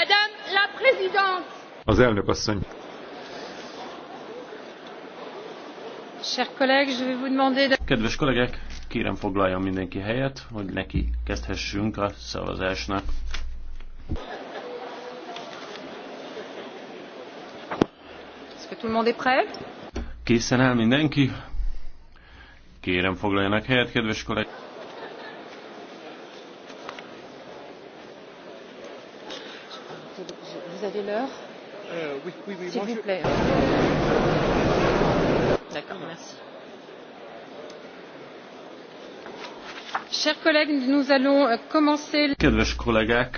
Madame la Présidente! Az elnök asszony. Kedves kollégek, kérem foglaljon mindenki helyet, hogy neki kezdhessünk a szavazásnak. Készen áll mindenki? Kérem foglaljanak helyet, kedves kollégák. avez l'heure euh, S'il vous plaît. D'accord, merci. Chers collègues, nous allons euh, commencer. Kedves kollégák,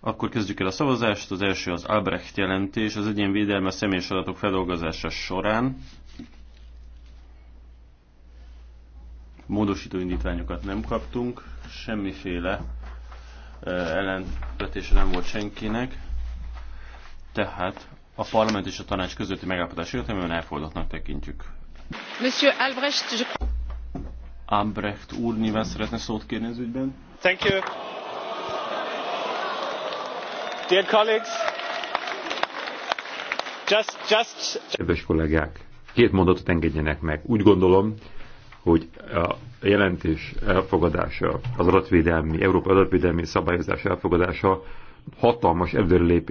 akkor kezdjük el a szavazást. Az első az Albrecht jelentés, az egyén védelme személyes adatok feldolgozása során. Módosító indítványokat nem kaptunk, semmiféle ellenvetése nem volt senkinek, tehát a parlament és a tanács közötti megállapodás értelmében elfogadottnak tekintjük. Monsieur Albrecht, je... Albrecht úr nyilván szeretne szót kérni az ügyben. Thank you. Dear colleagues, just, just... Kedves kollégák, két mondatot engedjenek meg. Úgy gondolom, hogy a jelentés elfogadása, az adatvédelmi, Európa adatvédelmi szabályozás elfogadása hatalmas előrelépés